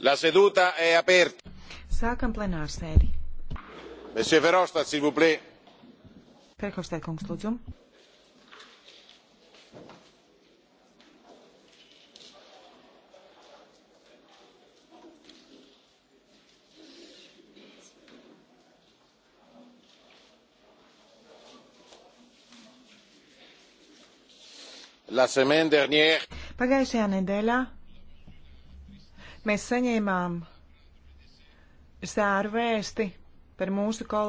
La seduta è aperta. Sākam plenārsēdi. Monsieur Verhofstadt, s'il vous plaît. Verhofstadt, kungs, lūdzu. La semaine dernière. Pagājušajā nedēļā Mēs saņēmām sēru vēsti par mūsu kolēģi.